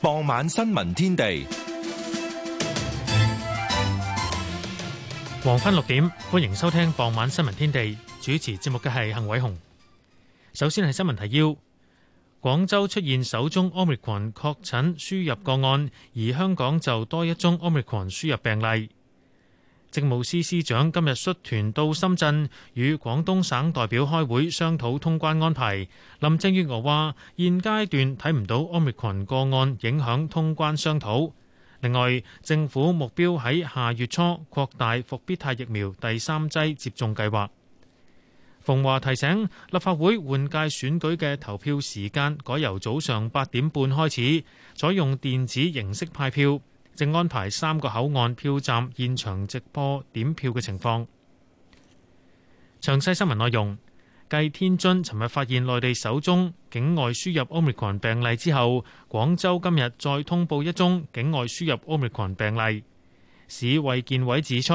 傍晚新聞天地，黃昏六點，歡迎收聽傍晚新聞天地。主持節目嘅係幸偉雄。首先係新聞提要：廣州出現首宗 Omicron 確診輸入個案，而香港就多一宗 Omicron 輸入病例。政務司司長今日率團到深圳與廣東省代表開會商討通關安排。林鄭月娥話：現階段睇唔到奧密克戎個案影響通關商討。另外，政府目標喺下月初擴大伏必泰疫苗第三劑接種計劃。馮華提醒立法會換屆選舉嘅投票時間改由早上八點半開始，採用電子形式派票。正安排三個口岸票站現場直播點票嘅情況。詳細新聞內容，繼天津尋日發現內地首宗境外輸入奧密克戎病例之後，廣州今日再通報一宗境外輸入奧密克戎病例。市衛健委指出，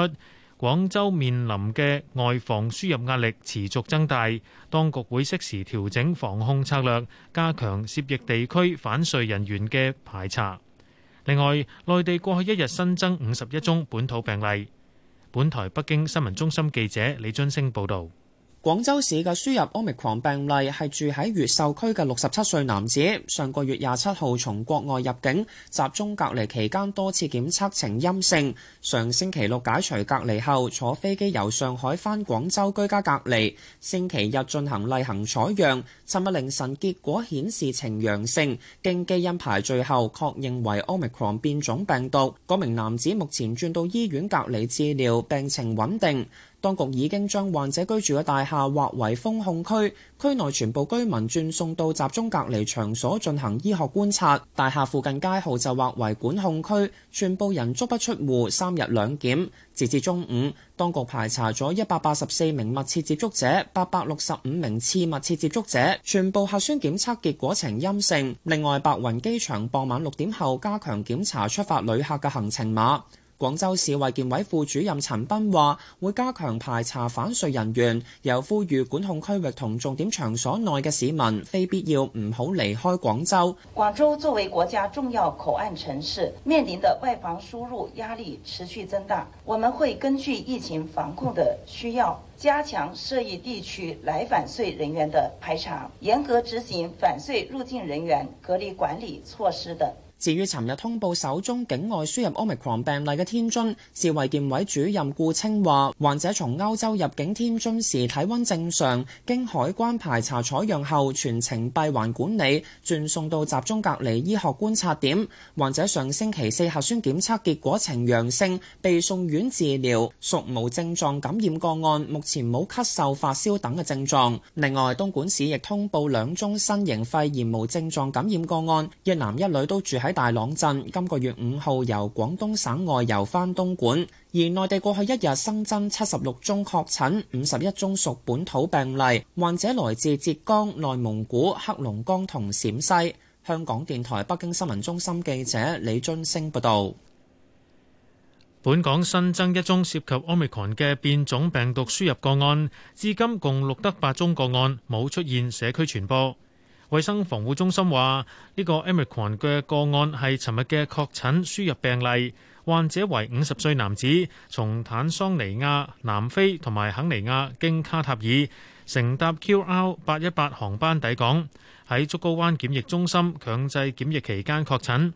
廣州面臨嘅外防輸入壓力持續增大，當局會適時調整防控策略，加強涉疫地區返穗人員嘅排查。另外，內地過去一日新增五十一宗本土病例。本台北京新聞中心記者李津升報道。廣州市嘅輸入 Omicron 病例係住喺越秀區嘅六十七歲男子，上個月廿七號從國外入境，集中隔離期間多次檢測呈陰性。上星期六解除隔離後，坐飛機由上海返廣州居家隔離，星期日進行例行採樣，尋日凌晨結果顯示呈陽性，經基因排序後確認為 Omicron 變種病毒。嗰名男子目前轉到醫院隔離治療，病情穩定。當局已經將患者居住嘅大廈劃為封控區，區內全部居民轉送到集中隔離場所進行醫學觀察。大廈附近街號就劃為管控區，全部人足不出戶，三日兩檢。截至中午，當局排查咗一百八十四名密切接觸者、八百六十五名次密切接觸者，全部核酸檢測結果呈陰性。另外，白雲機場傍晚六點後加強檢查出發旅客嘅行程碼。廣州市衛健委副主任陳斌話，會加強排查返穗人員，又呼籲管控區域同重點場所內嘅市民，非必要唔好離開廣州。廣州作為國家重要口岸城市，面臨的外防輸入壓力持續增大，我們會根據疫情防控的需要，加強涉疫地區來返穗人員嘅排查，嚴格執行返穗入境人員隔離管理措施等。至於尋日通報首宗境外輸入奧密克戎病例嘅天津，市衛健委主任顧清話，患者從歐洲入境天津時體温正常，經海關排查採樣後全程閉環管理，轉送到集中隔離醫學觀察點。患者上星期四核酸檢測結果呈陽性，被送院治療，屬無症狀感染個案，目前冇咳嗽、發燒等嘅症狀。另外，東莞市亦通報兩宗新型肺炎無症狀感染個案，一男一女都住喺大朗鎮，今個月五號由廣東省外遊翻東莞。而內地過去一日新增七十六宗確診，五十一宗屬本土病例，患者來自浙江、內蒙古、黑龍江同陝西。香港電台北京新聞中心記者李津星報道。本港新增一宗涉及奧密克戎嘅變種病毒輸入個案，至今共錄得八宗個案，冇出現社區傳播。衛生防護中心話：呢、這個 Omicron 嘅個案係尋日嘅確診輸入病例，患者為五十歲男子，從坦桑尼亞、南非同埋肯尼亞經卡塔爾乘搭 QR 八一八航班抵港，喺竹篙灣檢疫中心強制檢疫期間確診。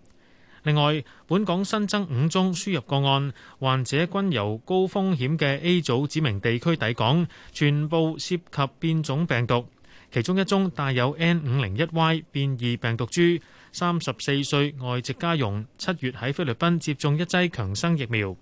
另外，本港新增五宗輸入個案，患者均由高風險嘅 A 組指明地區抵港，全部涉及變種病毒。其中一宗帶有 N501Y 變異病毒株，三十四歲外籍家傭，七月喺菲律賓接種一劑強生疫苗。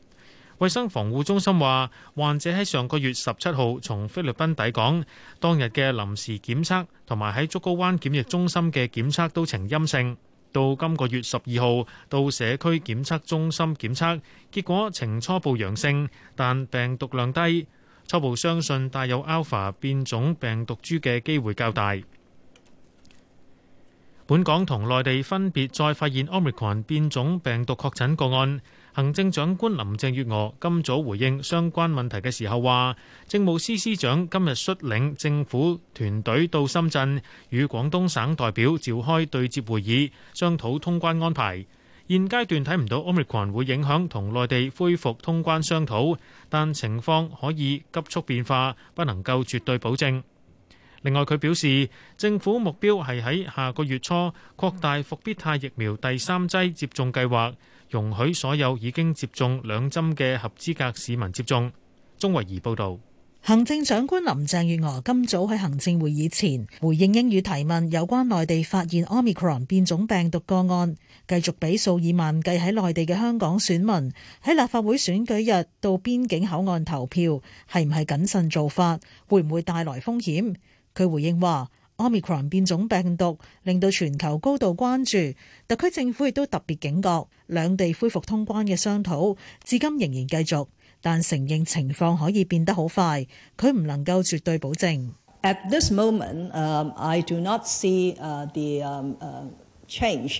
衛生防護中心話，患者喺上個月十七號從菲律賓抵港，當日嘅臨時檢測同埋喺竹篙灣檢疫中心嘅檢測都呈陰性，到今個月十二號到社區檢測中心檢測，結果呈初步陽性，但病毒量低。初步相信帶有 Alpha 變種病毒株嘅機會較大。本港同內地分別再發現 Omicron 變種病毒確診個案。行政長官林鄭月娥今早回應相關問題嘅時候話，政務司司長今日率領政府團隊到深圳與廣東省代表召開對接會議，商討通關安排。現階段睇唔到 Omicron 會影響同內地恢復通關商討，但情況可以急速變化，不能夠絕對保證。另外，佢表示政府目標係喺下個月初擴大復必泰疫苗第三劑接種計劃，容許所有已經接種兩針嘅合資格市民接種。鍾慧儀報導。行政長官林鄭月娥今早喺行政會議前回應英語提問，有關內地發現 Omicron 變種病毒個案，繼續比數以萬計喺內地嘅香港選民喺立法會選舉日到邊境口岸投票，係唔係謹慎做法，會唔會帶來風險？佢回應話，Omicron 變種病毒令到全球高度關注，特區政府亦都特別警覺，兩地恢復通關嘅商討至今仍然繼續。但承認情況可以變得好快，佢唔能夠絕對保證。At this moment, I do not see the change.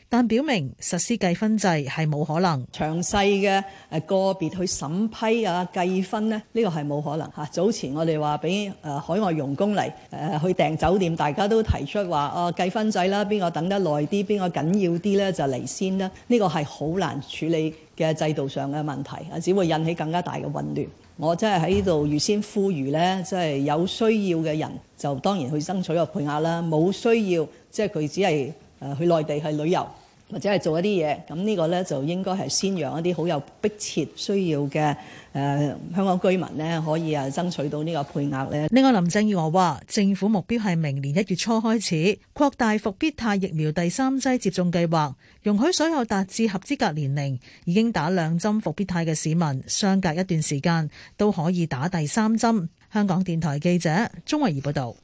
但表明實施計分制係冇可能，詳細嘅誒個別去審批啊，計分呢，呢個係冇可能嚇。早前我哋話俾誒海外傭工嚟誒、啊、去訂酒店，大家都提出話哦、啊、計分制啦，邊個等得耐啲，邊個緊要啲咧就嚟先啦。呢個係好難處理嘅制度上嘅問題，啊只會引起更加大嘅混亂。我真係喺呢度預先呼籲呢，即係有需要嘅人就當然去爭取個配額啦，冇需要即係佢只係誒去內地去旅遊。或者係做一啲嘢，咁呢個呢，就應該係先讓一啲好有迫切需要嘅誒、呃、香港居民呢，可以啊爭取到呢個配額呢。另外，林鄭月娥話，政府目標係明年一月初開始擴大復必泰疫苗第三劑接種計劃，容許所有達至合資格年齡、已經打兩針復必泰嘅市民，相隔一段時間都可以打第三針。香港電台記者鍾慧儀報道。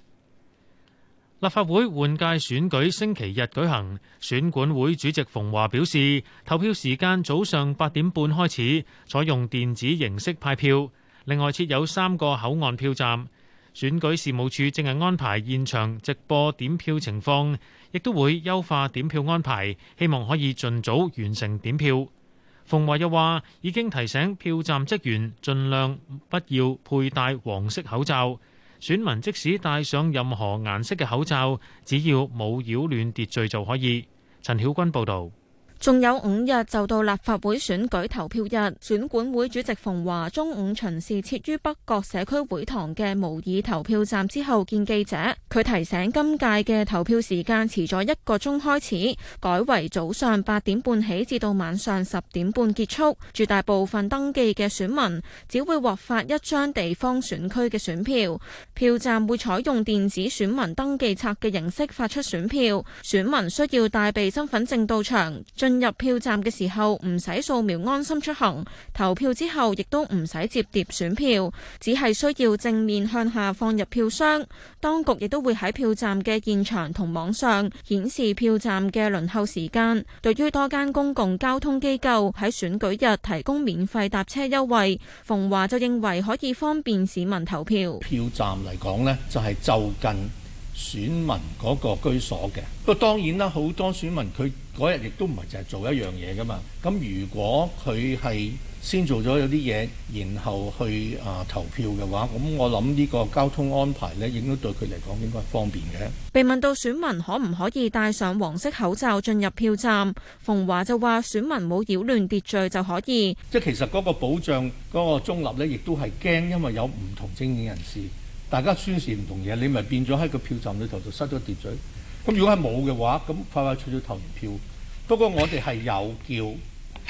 立法會換屆選舉星期日舉行，選管會主席馮華表示，投票時間早上八點半開始，採用電子形式派票，另外設有三個口岸票站。選舉事務處正係安排現場直播點票情況，亦都會優化點票安排，希望可以盡早完成點票。馮華又話，已經提醒票站職員盡量不要佩戴黃色口罩。選民即使戴上任何顏色嘅口罩，只要冇擾亂秩序就可以。陳曉君報導。仲有五日就到立法會選舉投票日，選管會主席馮華中午巡視設於北角社區會堂嘅模擬投票站之後見記者，佢提醒今屆嘅投票時間遲咗一個鐘開始，改為早上八點半起至到晚上十點半結束。絕大部分登記嘅選民只會獲發一張地方選區嘅選票，票站會採用電子選民登記冊嘅形式發出選票，選民需要帶備身份證到場。進入票站嘅時候唔使掃描安心出行，投票之後亦都唔使摺疊選票，只係需要正面向下放入票箱。當局亦都會喺票站嘅現場同網上顯示票站嘅輪候時間。對於多間公共交通機構喺選舉日提供免費搭車優惠，馮華就認為可以方便市民投票。票站嚟講呢，就係就近。選民嗰個居所嘅，不過當然啦，好多選民佢嗰日亦都唔係淨係做一樣嘢噶嘛。咁如果佢係先做咗有啲嘢，然後去啊投票嘅話，咁我諗呢個交通安排呢，應該對佢嚟講應該方便嘅。被問到選民可唔可以戴上黃色口罩進入票站，馮華就話選民冇擾亂秩序就可以。即係其實嗰個保障嗰、嗰個中立呢，亦都係驚，因為有唔同精英人士。大家宣示唔同嘢，你咪變咗喺個票站裏頭就塞咗秩序。咁如果係冇嘅話，咁快快脆脆投完票。不過我哋係有叫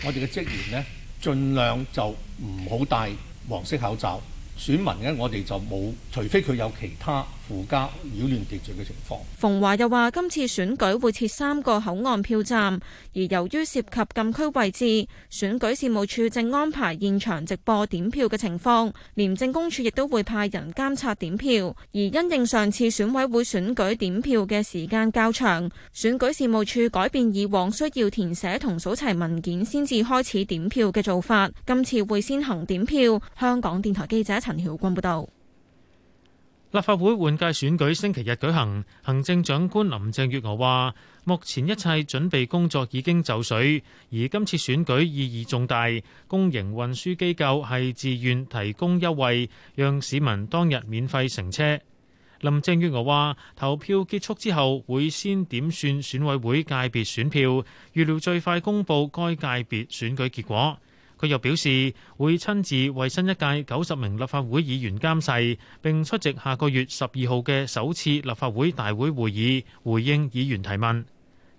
我哋嘅職員咧，儘量就唔好戴黃色口罩。選民咧，我哋就冇，除非佢有其他。附加擾亂秩序嘅情況，馮華又話今次選舉會設三個口岸票站，而由於涉及禁區位置，選舉事務處正安排現場直播點票嘅情況，廉政公署亦都會派人監察點票。而因應上次選委會選舉點票嘅時間較長，選舉事務處改變以往需要填寫同數齊文件先至開始點票嘅做法，今次會先行點票。香港電台記者陳曉君報道。立法會換屆選舉星期日舉行，行政長官林鄭月娥話：目前一切準備工作已經就緒，而今次選舉意義重大。公營運輸機構係自願提供優惠，讓市民當日免費乘車。林鄭月娥話：投票結束之後，會先點算選委會界別選票，預料最快公佈該界別選舉結果。佢又表示會親自為新一屆九十名立法會議員監誓，並出席下個月十二號嘅首次立法會大會會議，回應議員提問。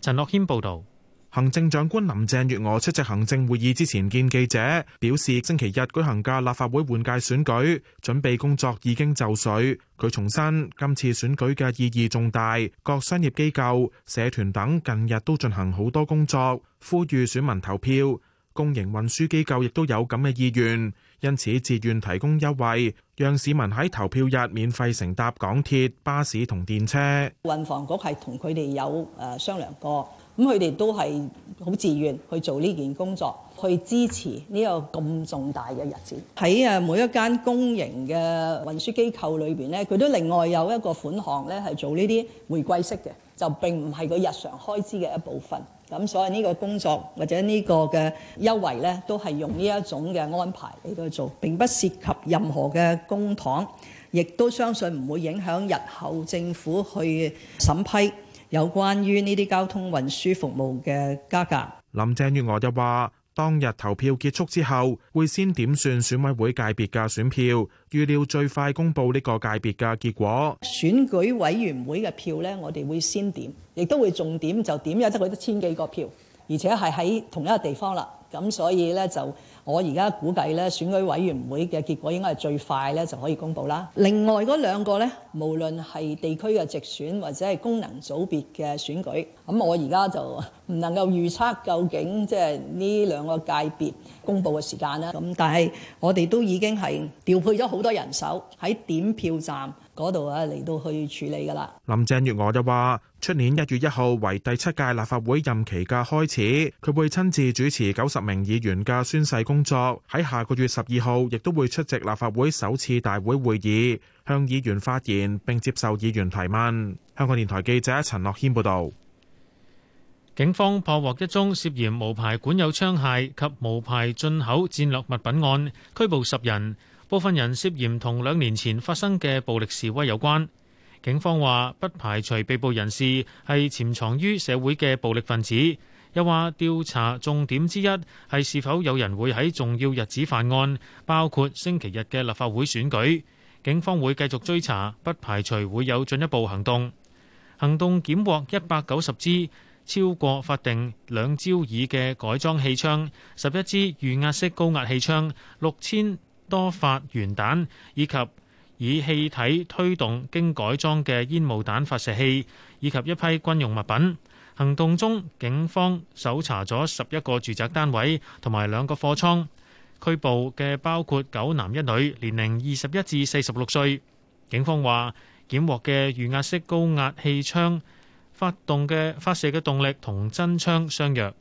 陳樂謙報道。行政長官林鄭月娥出席行政會議之前見記者，表示星期日舉行嘅立法會換屆選舉準備工作已經就緒，佢重申今次選舉嘅意義重大，各商業機構、社團等近日都進行好多工作，呼籲選民投票。公營運輸機構亦都有咁嘅意願，因此自願提供優惠，讓市民喺投票日免費乘搭港鐵、巴士同電車。運房局係同佢哋有誒商量過，咁佢哋都係好自願去做呢件工作，去支持呢個咁重大嘅日子。喺誒每一間公營嘅運輸機構裏邊咧，佢都另外有一個款項咧，係做呢啲回饋式嘅，就並唔係佢日常開支嘅一部分。咁所以呢個工作或者個呢個嘅優惠咧，都係用呢一種嘅安排嚟到做，並不涉及任何嘅公帑，亦都相信唔會影響日後政府去審批有關於呢啲交通運輸服務嘅加價。林鄭月娥就話。當日投票結束之後，會先點算選委會界別嘅選票，預料最快公佈呢個界別嘅結果。選舉委員會嘅票咧，我哋會先點，亦都會重點就點，有得佢一千幾個票，而且係喺同一個地方啦。咁所以咧，就我而家估計咧，選舉委員會嘅結果應該係最快咧就可以公佈啦。另外嗰兩個咧，無論係地區嘅直選或者係功能組別嘅選舉，咁我而家就唔能夠預測究竟即係呢兩個界別公布嘅時間啦，咁但係我哋都已經係調配咗好多人手喺點票站嗰度啊，嚟到去處理㗎啦。林鄭月娥就話：出年一月一號為第七屆立法會任期嘅開始，佢會親自主持九十名議員嘅宣誓工作，喺下個月十二號亦都會出席立法會首次大會會議，向議員發言並接受議員提問。香港電台記者陳樂軒報導。警方破獲一宗涉嫌無牌管有槍械及無牌進口戰略物品案，拘捕十人，部分人涉嫌同兩年前發生嘅暴力示威有關。警方話不排除被捕人士係潛藏於社會嘅暴力分子，又話調查重點之一係是，是否有人會喺重要日子犯案，包括星期日嘅立法會選舉。警方會繼續追查，不排除會有進一步行動。行動檢獲一百九十支。超過法定兩焦耳嘅改裝氣槍、十一支預壓式高壓氣槍、六千多發鉛彈，以及以氣體推動經改裝嘅煙霧彈發射器，以及一批軍用物品。行動中，警方搜查咗十一個住宅單位同埋兩個貨倉，拘捕嘅包括九男一女，年齡二十一至四十六歲。警方話，檢獲嘅預壓式高壓氣槍。發動嘅發射嘅動力同真槍相若。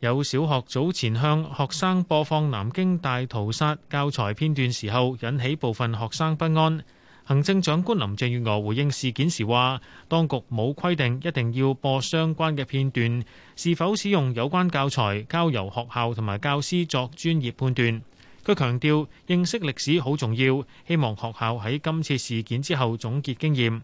有小學早前向學生播放南京大屠殺教材片段時候，引起部分學生不安。行政長官林鄭月娥回應事件時話，當局冇規定一定要播相關嘅片段，是否使用有關教材，交由學校同埋教師作專業判斷。佢強調認識歷史好重要，希望學校喺今次事件之後總結經驗。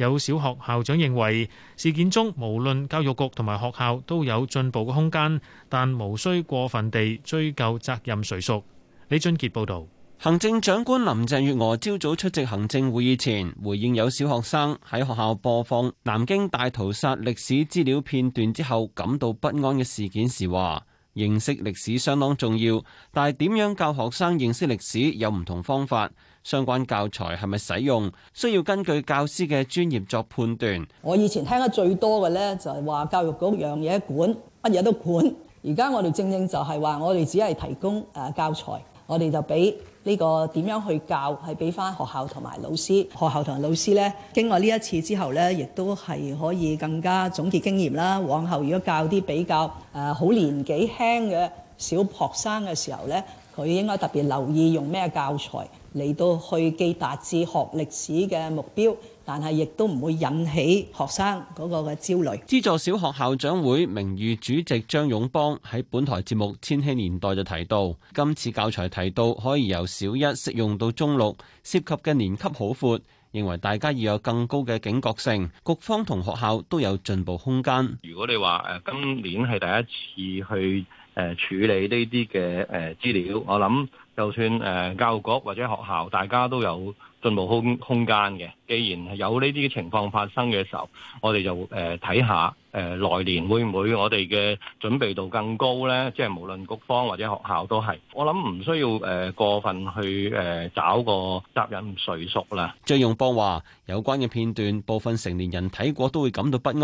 有小學校長認為，事件中無論教育局同埋學校都有進步嘅空間，但無需過分地追究責任誰屬。李俊傑報道。行政長官林鄭月娥朝早出席行政會議前，回應有小學生喺學校播放南京大屠殺歷史資料片段之後感到不安嘅事件時話：認識歷史相當重要，但係點樣教學生認識歷史有唔同方法。相關教材係咪使用，需要根據教師嘅專業作判斷。我以前聽得最多嘅咧，就係話教育局樣嘢管乜嘢都管。而家我哋正正就係話，我哋只係提供誒教材，我哋就俾呢個點樣去教，係俾返學校同埋老師。學校同埋老師咧，經過呢一次之後咧，亦都係可以更加總結經驗啦。往後如果教啲比較誒好、呃、年紀輕嘅小學生嘅時候咧，佢應該特別留意用咩教材。嚟到去記達至學歷史嘅目標，但係亦都唔會引起學生嗰個嘅焦慮。資助小學校長會名譽主席張勇邦喺本台節目《千禧年代》就提到，今次教材提到可以由小一適用到中六，涉及嘅年級好闊，認為大家要有更高嘅警覺性，局方同學校都有進步空間。如果你話今年係第一次去。誒、呃、處理呢啲嘅誒資料，我諗就算誒、呃、教育局或者學校，大家都有進步空空間嘅。既然係有呢啲情況發生嘅時候，我哋就誒睇下誒來年會唔會我哋嘅準備度更高咧？即係無論局方或者學校都係，我諗唔需要誒過分去誒找個責任誰屬啦。張勇邦話有關嘅片段，部分成年人睇過都會感到不安，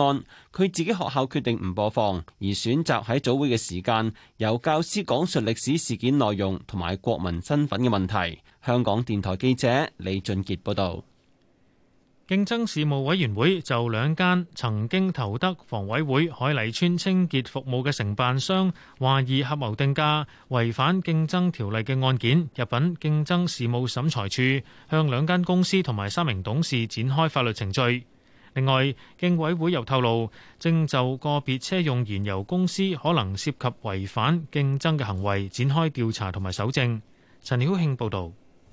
佢自己學校決定唔播放，而選擇喺早會嘅時間由教師講述歷史事件內容同埋國民身份嘅問題，香港電台記者李俊杰報道。競爭事務委員會就兩間曾經投得房委會海麗邨清潔服務嘅承辦商，懷疑合謀定價違反競爭條例嘅案件，入稟競爭事務審裁處，向兩間公司同埋三名董事展開法律程序。另外，競委會又透露，正就個別車用燃油公司可能涉及違反競爭嘅行為展開調查同埋搜證。陳曉慶報道。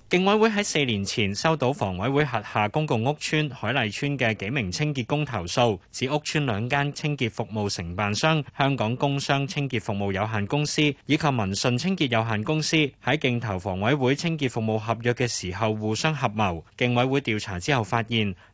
競委會喺四年前收到房委會轄下公共屋邨、海麗邨嘅幾名清潔工投訴，指屋邨兩間清潔服務承辦商香港工商清潔服務有限公司以及民信清潔有限公司喺競投房委會清潔服務合約嘅時候互相合謀。競委會調查之後發現，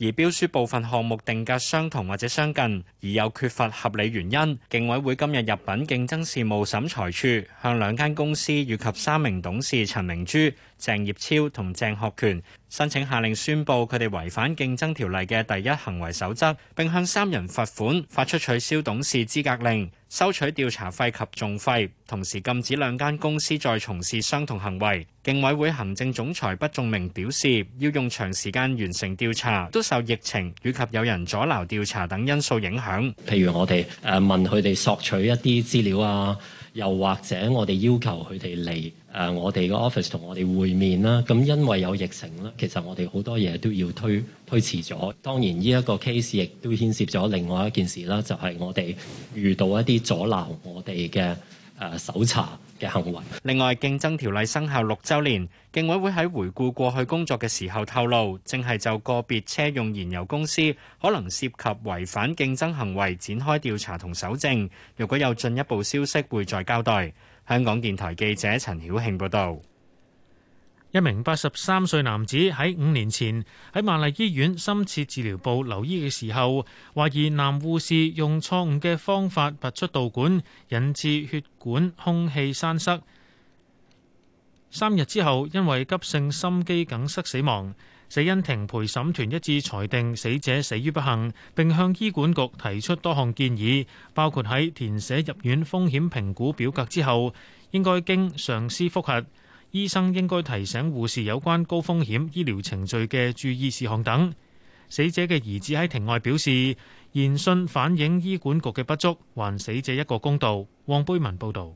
而標書部分項目定價相同或者相近，而又缺乏合理原因，競委會今日入禀競爭事務審裁處向兩間公司以及三名董事陳明珠、鄭業超同鄭學權申請下令宣佈佢哋違反競爭條例嘅第一行為守則，並向三人罰款，發出取消董事資格令。收取調查費及重費，同時禁止兩間公司再從事相同行為。競委會行政總裁畢仲明表示，要用長時間完成調查，都受疫情以及有人阻撓調查等因素影響。譬如我哋誒、呃、問佢哋索取一啲資料啊。又或者我哋要求佢哋嚟、誒、我哋個 office 同我哋會面啦，咁因為有疫情啦，其實我哋好多嘢都要推推遲咗。當然呢一個 case 亦都牽涉咗另外一件事啦，就係我哋遇到一啲阻撓我哋嘅。誒、啊、搜查嘅行為。另外，競爭條例生效六週年，競委會喺回顧過去工作嘅時候透露，正係就個別車用燃油公司可能涉及違反競爭行為，展開調查同搜證。如果有進一步消息，會再交代。香港電台記者陳曉慶報道。一名八十三歲男子喺五年前喺瑪麗醫院深切治療部留醫嘅時候，懷疑男護士用錯誤嘅方法拔出導管，引致血管空氣栓塞。三日之後，因為急性心肌梗塞死亡。死因庭陪審團一致裁定死者死於不幸，並向醫管局提出多項建議，包括喺填寫入院風險評估表格之後，應該經上司複核。醫生應該提醒護士有關高風險醫療程序嘅注意事項等。死者嘅兒子喺庭外表示，研訊反映醫管局嘅不足，還死者一個公道。黃貝文報導。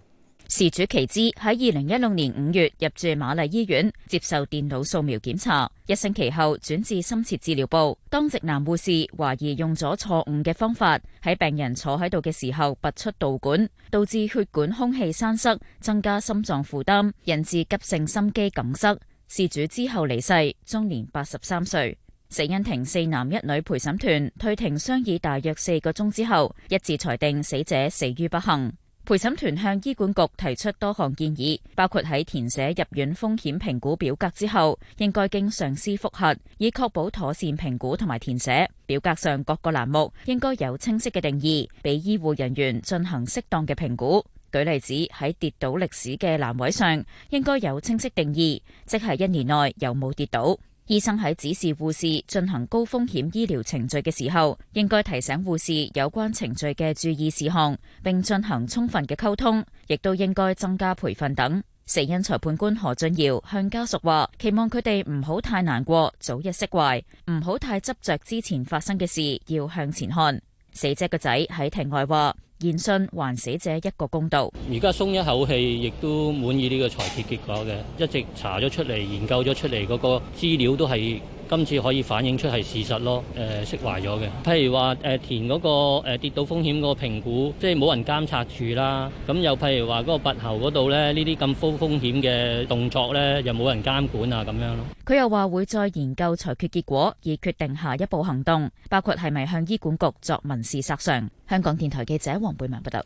事主其之喺二零一六年五月入住瑪麗醫院接受電腦掃描檢查，一星期後轉至深切治療部。當值男護士懷疑用咗錯誤嘅方法喺病人坐喺度嘅時候拔出導管，導致血管空氣栓塞，增加心臟負擔，引致急性心肌梗塞。事主之後離世，終年八十三歲。死因庭四男一女陪審團退庭商議大約四個鐘之後，一致裁定死者死於不幸。陪審團向醫管局提出多項建議，包括喺填寫入院風險評估表格之後應該經上司複核，以確保妥善評估同埋填寫表格上各個欄目應該有清晰嘅定義，俾醫護人員進行適當嘅評估。舉例子喺跌倒歷史嘅欄位上，應該有清晰定義，即係一年內有冇跌倒。醫生喺指示護士進行高風險醫療程序嘅時候，應該提醒護士有關程序嘅注意事項，並進行充分嘅溝通，亦都應該增加培訓等。死因裁判官何俊堯向家屬話，期望佢哋唔好太難過，早日釋懷，唔好太執着之前發生嘅事，要向前看。死者個仔喺庭外話。研訊還死者一個公道，而家鬆一口氣，亦都滿意呢個裁決結果嘅。一直查咗出嚟，研究咗出嚟嗰個資料都係。今次可以反映出係事實咯，誒，釋懷咗嘅。譬如話誒填嗰個跌倒風險個評估，即係冇人監察住啦。咁又譬如話嗰個拔喉嗰度咧，呢啲咁高風險嘅動作咧，又冇人監管啊，咁樣咯。佢又話會再研究裁決結果，以決定下一步行動，包括係咪向醫管局作民事索償。香港電台記者黃貝文報道。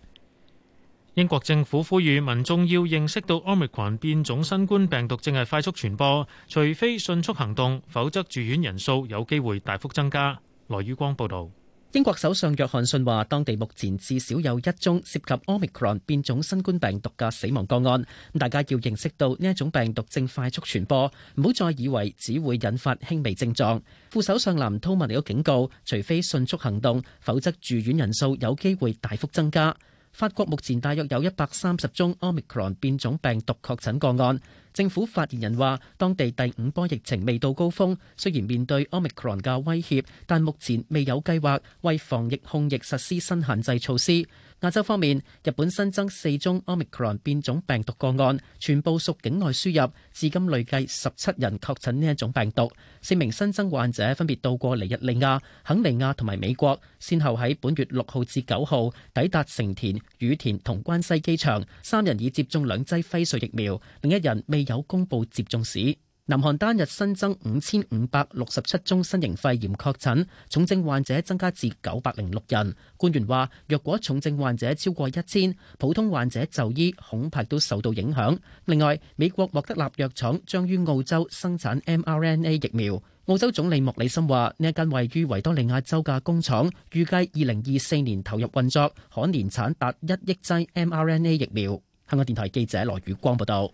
英國政府呼籲民眾要認識到 Omicron 變種新冠病毒正係快速傳播，除非迅速行動，否則住院人數有機會大幅增加。羅宇光報道。英國首相約翰遜話，當地目前至少有一宗涉及 Omicron 變種新冠病毒嘅死亡個案。大家要認識到呢一種病毒正快速傳播，唔好再以為只會引發輕微症狀。副首相藍韜文了警告，除非迅速行動，否則住院人數有機會大幅增加。法國目前大約有一百三十宗 Omicron 變種病毒確診個案。政府發言人話，當地第五波疫情未到高峰，雖然面對 Omicron 嘅威脅，但目前未有計劃為防疫控疫實施新限制措施。亞洲方面，日本新增四宗 Omicron 變種病毒個案，全部屬境外輸入，至今累計十七人確診呢一種病毒。四名新增患者分別到過尼日利亞、肯尼亞同埋美國，先後喺本月六號至九號抵達成田、羽田同關西機場，三人已接種兩劑輝瑞疫苗，另一人未有公布接種史。南韓單日新增五千五百六十七宗新型肺炎確診，重症患者增加至九百零六人。官員話：若果重症患者超過一千，普通患者就醫恐怕都受到影響。另外，美國莫德納藥廠將於澳洲生產 mRNA 疫苗。澳洲總理莫里森話：呢一間位於維多利亞州嘅工廠，預計二零二四年投入運作，可年產達一億劑 mRNA 疫苗。香港電台記者羅宇光報道。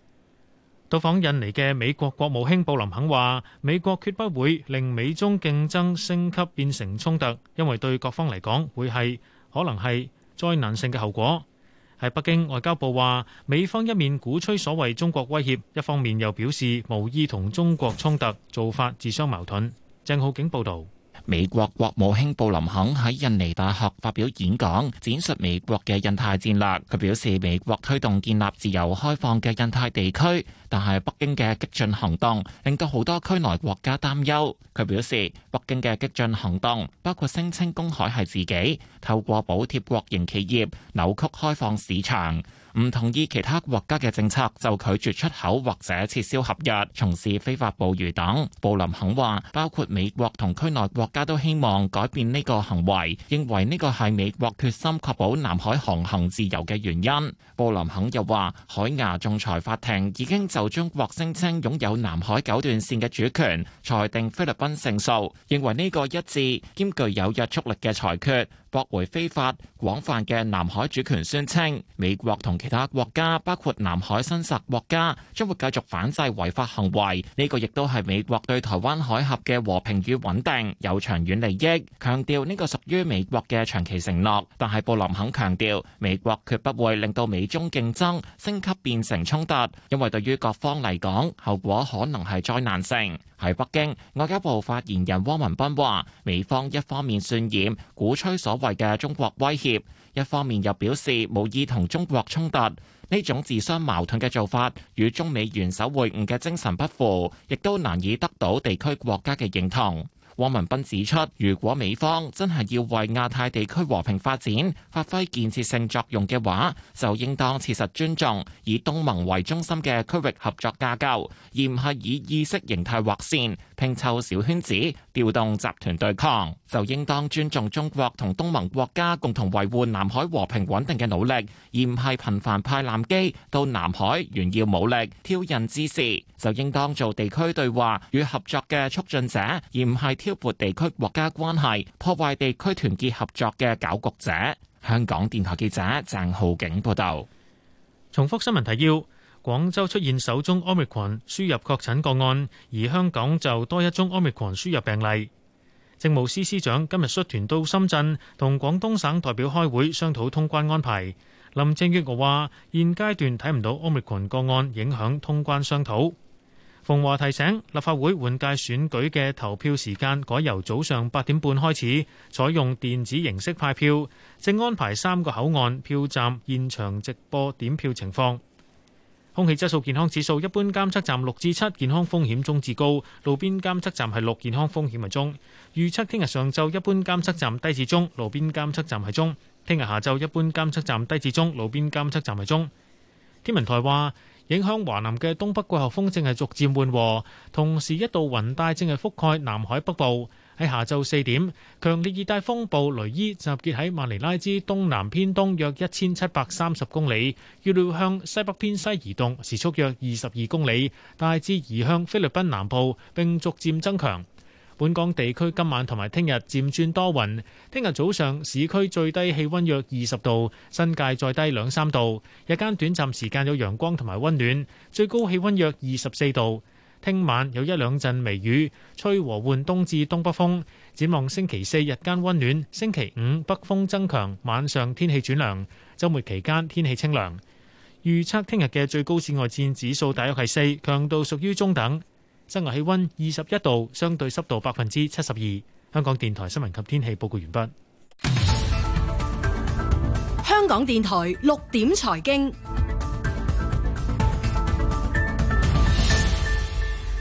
到訪印尼嘅美國國務卿布林肯話：美國決不會令美中競爭升級變成衝突，因為對各方嚟講會係可能係災難性嘅後果。喺北京外交部話，美方一面鼓吹所謂中國威脅，一方面又表示無意同中國衝突，做法自相矛盾。鄭浩景報導。美國國務卿布林肯喺印尼大學發表演講，展述美國嘅印太戰略。佢表示，美國推動建立自由開放嘅印太地區，但係北京嘅激進行動令到好多區內國家擔憂。佢表示，北京嘅激進行動包括聲稱公海係自己，透過補貼國營企業扭曲開放市場，唔同意其他國家嘅政策，就拒絕出口或者撤銷合約，從事非法捕魚等。布林肯話，包括美國同區內國家都希望改變呢個行為，認為呢個係美國決心確保南海航行自由嘅原因。布林肯又話，海牙仲裁法庭已經就中國聲稱擁有南海九段線嘅主權裁定菲律賓勝訴，認為呢個一致兼具有約束力嘅裁決。駁回非法、廣泛嘅南海主權宣稱，美國同其他國家，包括南海新十國家，將會繼續反制違法行為。呢個亦都係美國對台灣海峽嘅和平與穩定有長遠利益，強調呢個屬於美國嘅長期承諾。但係布林肯強調，美國決不會令到美中競爭升級變成衝突，因為對於各方嚟講，後果可能係災難性，喺北京，外交部發言人汪文斌話美方一方面渲染、鼓吹所。謂嘅中國威脅，一方面又表示冇意同中國衝突，呢種自相矛盾嘅做法，與中美元首會晤嘅精神不符，亦都難以得到地區國家嘅認同。汪文斌指出，如果美方真係要為亞太地區和平發展發揮建設性作用嘅話，就應當切實尊重以東盟為中心嘅區域合作架構，而唔係以意識形態劃線。拼湊小圈子、調動集團對抗，就應當尊重中國同東盟國家共同維護南海和平穩定嘅努力，而唔係頻繁派艦機到南海炫耀武力、挑釁之事，就應當做地區對話與合作嘅促進者，而唔係挑撥地區國家關係、破壞地區團結合作嘅攪局者。香港電台記者鄭浩景報道。重複新聞提要。廣州出現首宗 Omicron 輸入確診個案，而香港就多一宗 Omicron 輸入病例。政務司司長今日率團到深圳同廣東省代表開會，商討通關安排。林鄭月娥話：現階段睇唔到 Omicron 個案影響通關商討。馮華提醒立法會換屆選舉嘅投票時間改由早上八點半開始，採用電子形式派票，正安排三個口岸票站現場直播點票情況。空氣質素健康指數一般監測站六至七，健康風險中至高；路邊監測站係六，健康風險為中。預測聽日上晝一般監測站低至中，路邊監測站係中；聽日下晝一般監測站低至中，路邊監測站係中。天文台話，影響華南嘅東北季候風正係逐漸緩和，同時一道雲帶正係覆蓋南海北部。喺下晝四點，強烈熱帶風暴雷伊集結喺馬尼拉之東南偏東約一千七百三十公里，要向西北偏西移動，時速約二十二公里，大致移向菲律賓南部並逐漸增強。本港地區今晚同埋聽日漸轉多雲，聽日早上市區最低氣温約二十度，新界再低兩三度，日間短暫時間有陽光同埋温暖，最高氣温約二十四度。聽晚有一兩陣微雨，吹和緩東至東北風。展望星期四日間溫暖，星期五北風增強，晚上天氣轉涼。周末期間天氣清涼。預測聽日嘅最高紫外線指數大約係四，強度屬於中等。室外氣溫二十一度，相對濕度百分之七十二。香港電台新聞及天氣報告完畢。香港電台六點財經。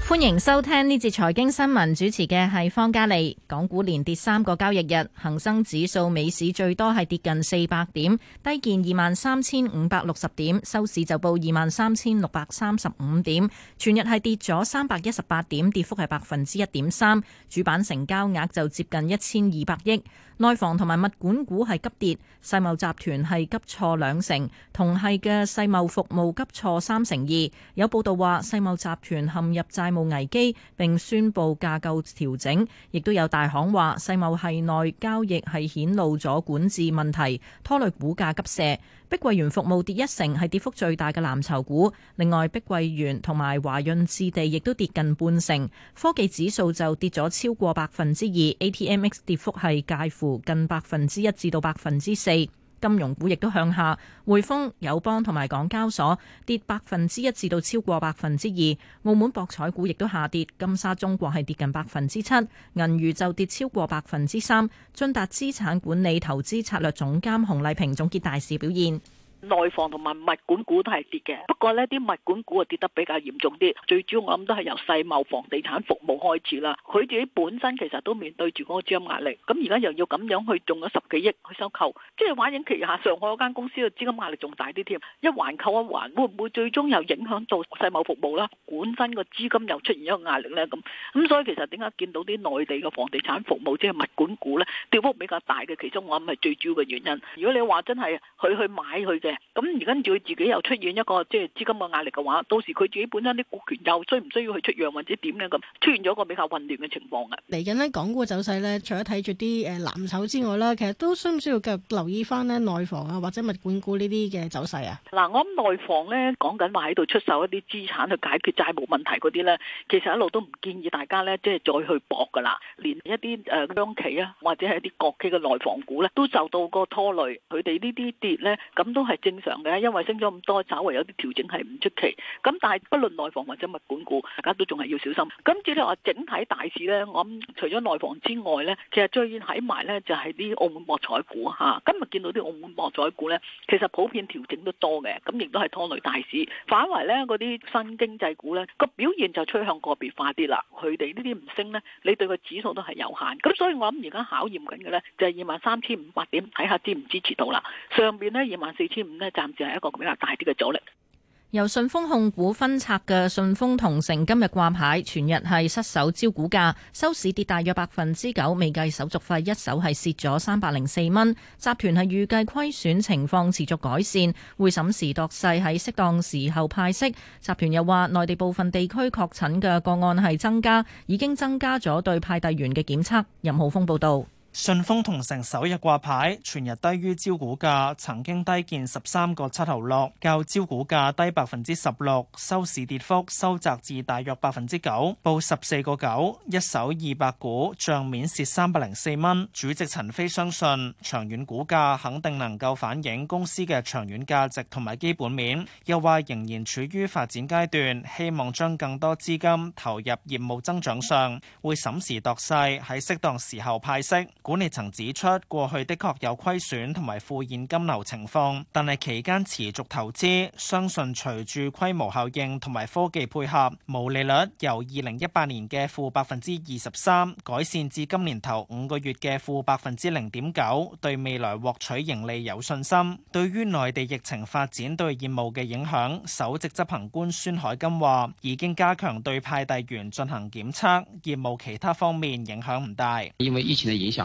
歡迎收聽呢節財經新聞，主持嘅係方嘉利。港股連跌三個交易日，恒生指數、美市最多係跌近四百點，低見二萬三千五百六十點，收市就報二萬三千六百三十五點，全日係跌咗三百一十八點，跌幅係百分之一點三，主板成交額就接近一千二百億。內房同埋物管股係急跌，世茂集團係急挫兩成，同係嘅世茂服務急挫三成二。有報道話，世茂集團陷入債務危機，並宣布架構調整。亦都有大行話世茂係內交易係顯露咗管治問題，拖累股價急跌。碧桂園服務跌一成，係跌幅最大嘅藍籌股。另外，碧桂園同埋華潤置地亦都跌近半成。科技指數就跌咗超過百分之二，ATMX 跌幅係介乎近百分之一至到百分之四。金融股亦都向下，匯豐、友邦同埋港交所跌百分之一至到超過百分之二。澳門博彩股亦都下跌，金沙中國係跌近百分之七，銀娛就跌超過百分之三。津達資產管理投資策略總監洪麗萍總結大市表現。內房同埋物管股都係跌嘅，不過呢啲物管股啊跌得比較嚴重啲。最主要我諗都係由世茂房地產服務開始啦，佢自己本身其實都面對住嗰個資金壓力，咁而家又要咁樣去中咗十幾億去收購，即係反映旗下上海嗰間公司嘅資金壓力仲大啲添。一環扣一環，會唔會最終又影響到世茂服務啦？本身個資金又出現一個壓力呢。咁咁所以其實點解見到啲內地嘅房地產服務即係物管股呢，跌幅比較大嘅？其中我諗係最主要嘅原因。如果你話真係佢去，去買去咁而家佢自己又出現一個即係資金嘅壓力嘅話，到時佢自己本身啲股權又需唔需要去出讓或者點樣，咁出現咗一個比較混亂嘅情況嘅。嚟緊咧，港股嘅走勢咧，除咗睇住啲誒藍籌之外啦，其實都需唔需要繼續留意翻咧內房啊或者物管股呢啲嘅走勢啊？嗱，我諗內房咧講緊話喺度出售一啲資產去解決債務問題嗰啲咧，其實一路都唔建議大家咧即係再去搏噶啦。連一啲誒央企啊或者係一啲國企嘅內房股咧，都受到個拖累，佢哋呢啲跌咧，咁都係。正常嘅，因為升咗咁多，稍為有啲調整係唔出奇。咁但係不論內房或者物管股，大家都仲係要小心。咁至於話整體大市呢，我諗除咗內房之外呢，其實最喺埋呢就係、是、啲澳門博彩股嚇。今日見到啲澳門博彩股呢，其實普遍調整都多嘅，咁亦都係拖累大市。反為呢，嗰啲新經濟股呢，個表現就趨向個別化啲啦。佢哋呢啲唔升呢，你對個指數都係有限。咁所以我諗而家考驗緊嘅呢，就係二萬三千五百點，睇下支唔支持到啦。上邊呢，二萬四千。咁咧暫時係一個比較大啲嘅阻力。由順豐控股分拆嘅順豐同城今日掛牌，全日係失手招股價，收市跌大約百分之九，未計手續費，一手係蝕咗三百零四蚊。集團係預計虧損情況持續改善，會審時度勢喺適當時候派息。集團又話，內地部分地區確診嘅個案係增加，已經增加咗對派遞員嘅檢測。任浩峰報導。順豐同城首日掛牌，全日低於招股價，曾經低見十三個七毫六，較招股價低百分之十六，收市跌幅收窄至大約百分之九，報十四個九，一手二百股，賬面蝕三百零四蚊。主席陳飛相信，長遠股價肯定能夠反映公司嘅長遠價值同埋基本面，又話仍然處於發展階段，希望將更多資金投入業務增長上，會審時度勢，喺適當時候派息。管理層指出，過去的確有虧損同埋負現金流情況，但係期間持續投資，相信隨住規模效應同埋科技配合，毛利率由二零一八年嘅負百分之二十三改善至今年頭五個月嘅負百分之零點九，對未來獲取盈利有信心。對於內地疫情發展對業務嘅影響，首席執行官孫海金話，已經加強對派遞員進行檢測，業務其他方面影響唔大。因為疫情嘅影響。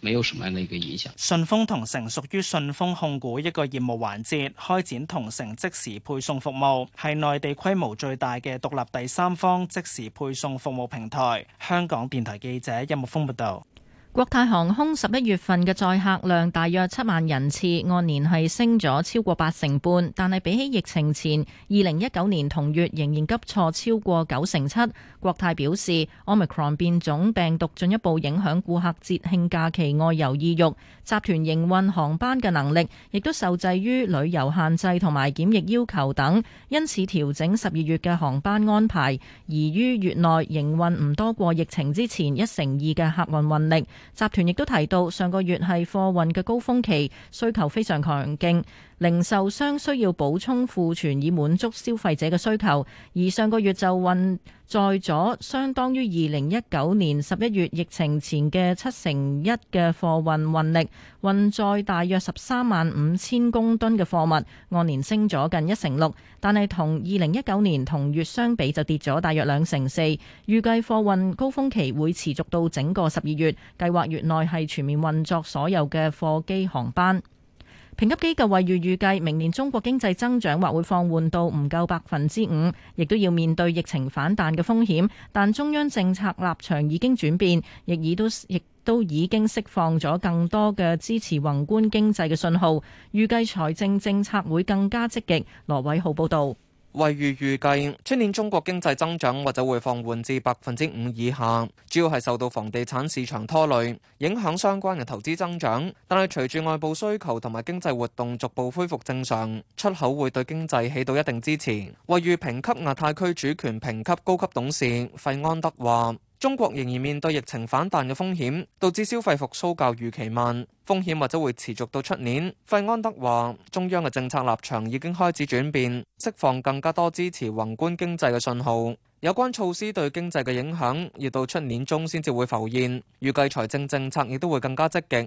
沒有什麼樣的一個影響，順豐同城屬於順豐控股一個業務環節，開展同城即時配送服務，係內地規模最大嘅獨立第三方即時配送服務平台。香港電台記者任木峯報道。國泰航空十一月份嘅載客量大約七萬人次，按年係升咗超過八成半，但係比起疫情前二零一九年同月，仍然急挫超過九成七。國泰表示，Omicron 變種病毒進一步影響顧客節慶假期外遊意欲，集團營運航班嘅能力亦都受制於旅遊限制同埋檢疫要求等，因此調整十二月嘅航班安排，而於月內營運唔多過疫情之前一成二嘅客運運力。集團亦都提到，上個月係貨運嘅高峰期，需求非常強勁。零售商需要補充庫存以滿足消費者嘅需求，而上個月就運載咗相當於二零一九年十一月疫情前嘅七成一嘅貨運運力，運載大約十三萬五千公噸嘅貨物，按年升咗近一成六，但係同二零一九年同月相比就跌咗大約兩成四。預計貨運高峰期會持續到整個十二月，計劃月內係全面運作所有嘅貨機航班。評級機構惠譽預計，明年中國經濟增長或會放緩到唔夠百分之五，亦都要面對疫情反彈嘅風險。但中央政策立場已經轉變，亦已都亦都已經釋放咗更多嘅支持宏觀經濟嘅信號。預計財政政策會更加積極。羅偉浩報道。惠譽預計，出年中國經濟增長或者會放緩至百分之五以下，主要係受到房地產市場拖累，影響相關嘅投資增長。但係隨住外部需求同埋經濟活動逐步恢復正常，出口會對經濟起到一定支持。惠譽評級亞太區主權評級高級董事費安德話。中國仍然面對疫情反彈嘅風險，導致消費復甦較預期慢，風險或者會持續到出年。費安德話，中央嘅政策立場已經開始轉變，釋放更加多支持宏觀經濟嘅信號。有關措施對經濟嘅影響，要到出年中先至會浮現。預計財政政策亦都會更加積極。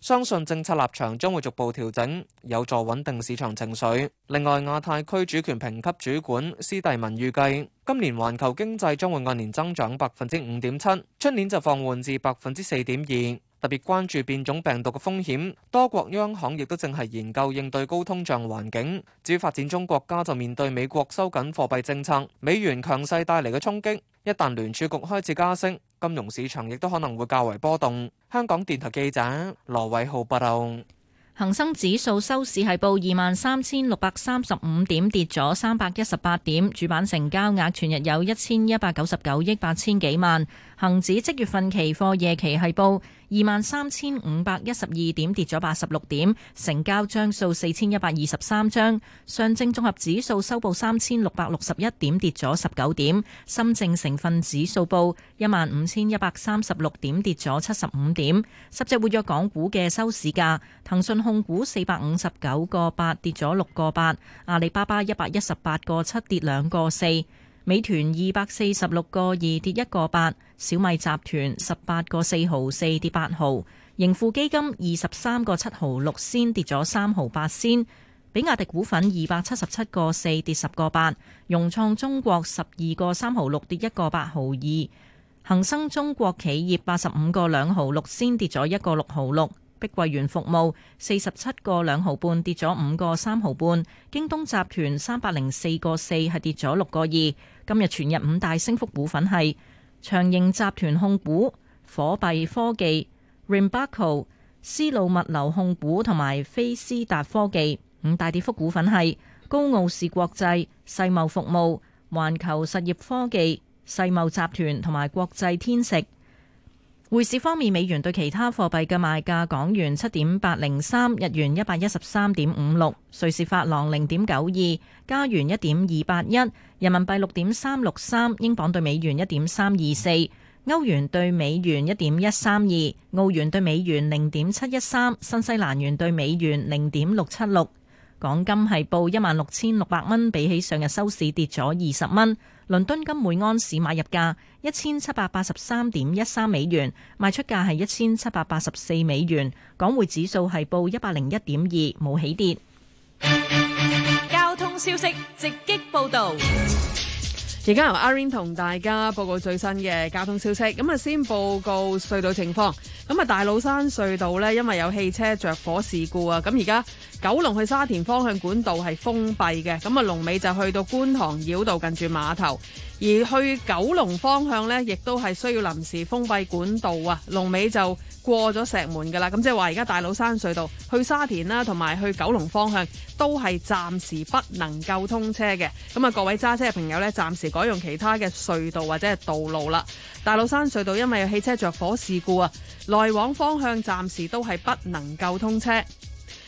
相信政策立場將會逐步調整，有助穩定市場情緒。另外，亞太區主權評級主管斯蒂文預計，今年環球經濟將會按年增長百分之五點七，出年就放緩至百分之四點二。特別關注變種病毒嘅風險，多國央行亦都正係研究應對高通脹環境。至於發展中國家就面對美國收緊貨幣政策，美元強勢帶嚟嘅衝擊，一旦聯儲局開始加息，金融市場亦都可能會較為波動。香港電台記者羅偉浩報道。恒生指數收市係報二萬三千六百三十五點，跌咗三百一十八點。主板成交額全日有一千一百九十九億八千幾萬。恒指即月份期貨夜期係報，二萬三千五百一十二點，跌咗八十六點，成交張數四千一百二十三張。上證綜合指數收報三千六百六十一點，跌咗十九點。深證成分指數報一萬五千一百三十六點，跌咗七十五點。十隻活躍港股嘅收市價，騰訊控股四百五十九個八，跌咗六個八，阿里巴巴一百一十八個七，跌兩個四。美團二百四十六個二跌一個八，小米集團十八個四毫四跌八毫，盈富基金二十三個七毫六先跌咗三毫八先，比亞迪股份二百七十七個四跌十個八，融創中國十二個三毫六跌一個八毫二，恒生中國企業八十五個兩毫六先跌咗一個六毫六，碧桂園服務四十七個兩毫半跌咗五個三毫半，京東集團三百零四個四係跌咗六個二。今日全日五大升幅股份係長盈集團控股、火幣科技、Rimbaco、絲路物流控股同埋飛思達科技。五大跌幅股份係高傲士國際、世茂服務、環球實業科技、世茂集團同埋國際天食。匯市方面，美元對其他貨幣嘅賣價：港元七點八零三，日元一百一十三點五六，瑞士法郎零點九二，加元一點二八一，人民幣六點三六三，英鎊對美元一點三二四，歐元對美元一點一三二，澳元對美元零點七一三，新西蘭元對美元零點六七六。港金係報一萬六千六百蚊，比起上日收市跌咗二十蚊。倫敦金每安士買入價一千七百八十三點一三美元，賣出價係一千七百八十四美元。港匯指數係報一百零一點二，冇起跌。交通消息直擊報道。而家由阿 rain 同大家報告最新嘅交通消息。咁啊，先報告隧道情況。咁啊，大老山隧道呢，因為有汽車着火事故啊。咁而家九龍去沙田方向管道係封閉嘅。咁啊，龍尾就去到觀塘繞道近住碼頭。而去九龍方向呢，亦都係需要臨時封閉管道啊。龍尾就過咗石門噶啦，咁即係話而家大老山隧道去沙田啦，同埋去九龍方向都係暫時不能夠通車嘅。咁啊，各位揸車嘅朋友呢，暫時改用其他嘅隧道或者係道路啦。大老山隧道因為有汽車着火事故啊，來往方向暫時都係不能夠通車。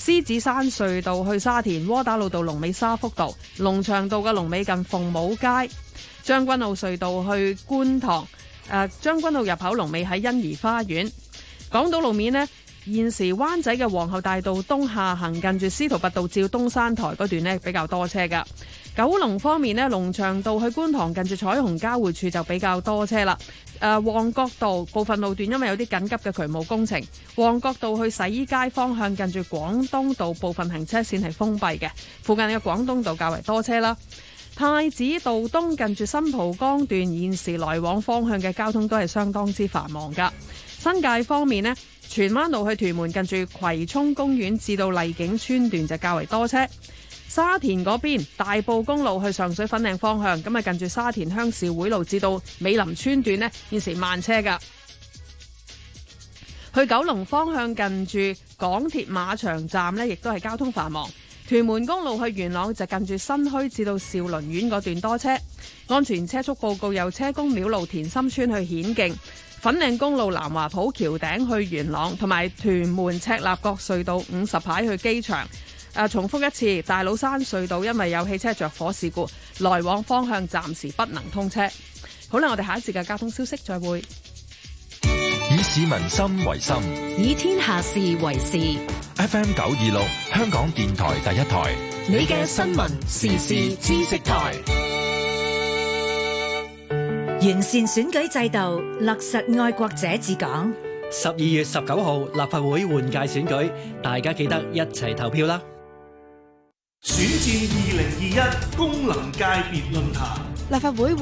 獅子山隧道去沙田，窩打老道龍尾沙福道、龍翔道嘅龍尾近鳳舞街，將軍澳隧道去觀塘，誒、呃、將軍澳入口龍尾喺欣怡花園。港島路面呢，現時灣仔嘅皇后大道東下行近住司徒拔道照東山台嗰段呢，比較多車㗎。九龍方面咧，龍翔道去觀塘近住彩虹交匯處就比較多車啦。誒、啊，旺角道部分路段因為有啲緊急嘅渠務工程，旺角道去洗衣街方向近住廣東道部分行車線係封閉嘅，附近嘅廣東道較為多車啦。太子道東近住新蒲崗段現時來往方向嘅交通都係相當之繁忙噶。新界方面咧，荃灣路去屯門近住葵涌公園至到麗景村段就較為多車。沙田嗰邊大埔公路去上水粉嶺方向，咁啊近住沙田鄉事會路至到美林村段呢，現時慢車噶。去九龍方向近住港鐵馬場站呢，亦都係交通繁忙。屯門公路去元朗就近住新墟至到兆麟苑嗰段多車。安全車速報告由車公廟路田心村去顯徑、粉嶺公路南華埔橋頂去元朗，同埋屯門赤鱲角隧道五十牌去機場。誒，重複一次，大老山隧道因為有汽車着火事故，來往方向暫時不能通車。好啦，我哋下一節嘅交通消息再會。以市民心為心，以天下事為事。F M 九二六，香港電台第一台。你嘅新聞時事知識台。完善選舉制度，落實愛國者治港。十二月十九號立法會換屆選舉，大家記得一齊投票啦！選戰二零二一功能界別論壇，立法會。